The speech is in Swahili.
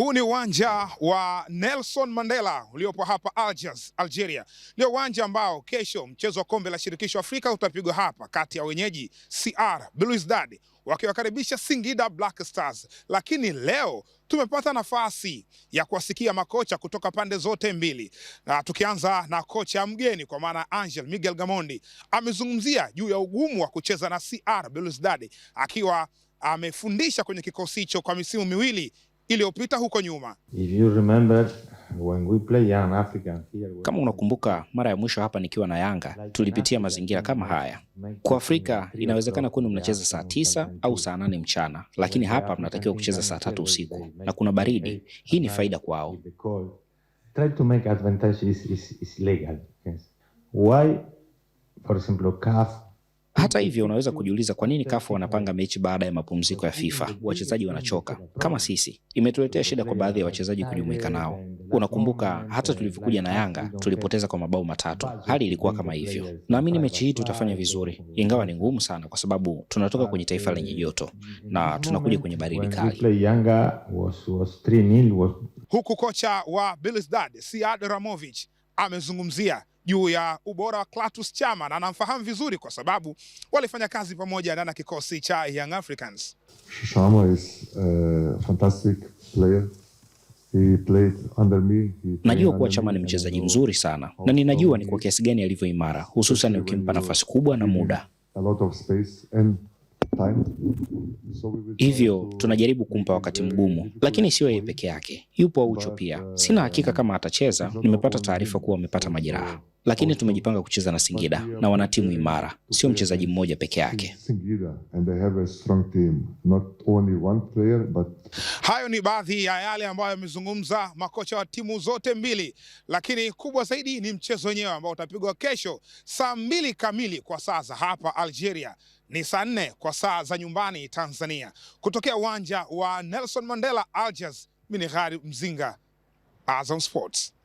Huu ni uwanja wa Nelson Mandela uliopo hapa Algiers, Algeria. Ndio uwanja ambao kesho mchezo wa kombe la shirikisho Afrika utapigwa hapa kati ya wenyeji CR Belouizdad wakiwakaribisha Singida Black Stars. Lakini leo tumepata nafasi ya kuwasikia makocha kutoka pande zote mbili, na tukianza na kocha mgeni kwa maana Angel Miguel Gamondi amezungumzia juu ya ugumu wa kucheza na CR Belouizdad akiwa amefundisha kwenye kikosi hicho kwa misimu miwili iliyopita huko nyuma. If you remember, when we play young here, kama unakumbuka mara ya mwisho hapa nikiwa na Yanga tulipitia mazingira kama haya. Kwa Afrika inawezekana kwenu mnacheza saa tisa au saa nane mchana, lakini hapa mnatakiwa kucheza saa tatu usiku na kuna baridi. Hii ni faida kwao. Why for example CAF hata hivyo, unaweza kujiuliza kwa nini kafu wanapanga mechi baada ya mapumziko ya FIFA? Wachezaji wanachoka kama sisi. Imetuletea shida kwa baadhi ya wachezaji kujumuika nao. Unakumbuka hata tulivyokuja na Yanga tulipoteza kwa mabao matatu, hali ilikuwa kama hivyo. Naamini mechi hii tutafanya vizuri, ingawa ni ngumu sana, kwa sababu tunatoka kwenye taifa lenye joto na tunakuja kwenye baridi kali. Huku kocha wa Belouizdad Siad Ramovic amezungumzia juu ya ubora wa Clatous Chama na anamfahamu vizuri kwa sababu walifanya kazi pamoja na kikosi cha Young Africans. Chama is a fantastic player. He played under me. najua kuwa Chama ni mchezaji mzuri sana na ninajua ni kwa kiasi gani alivyo imara, hususan ukimpa nafasi kubwa na muda. A lot of space and hivyo tunajaribu kumpa wakati mgumu, lakini sio yeye peke yake, yupo Aucho pia. Sina hakika kama atacheza, nimepata taarifa kuwa amepata majeraha lakini tumejipanga kucheza na Singida na wana timu imara, sio mchezaji mmoja peke yake. Hayo ni baadhi ya yale ambayo yamezungumza makocha wa timu zote mbili, lakini kubwa zaidi ni mchezo wenyewe ambao utapigwa kesho saa mbili kamili kwa saa za hapa Algeria ni saa nne kwa saa za nyumbani Tanzania, kutokea uwanja wa Nelson Mandela Algiers. Mimi ni Gharib Mzinga, Azam Sports.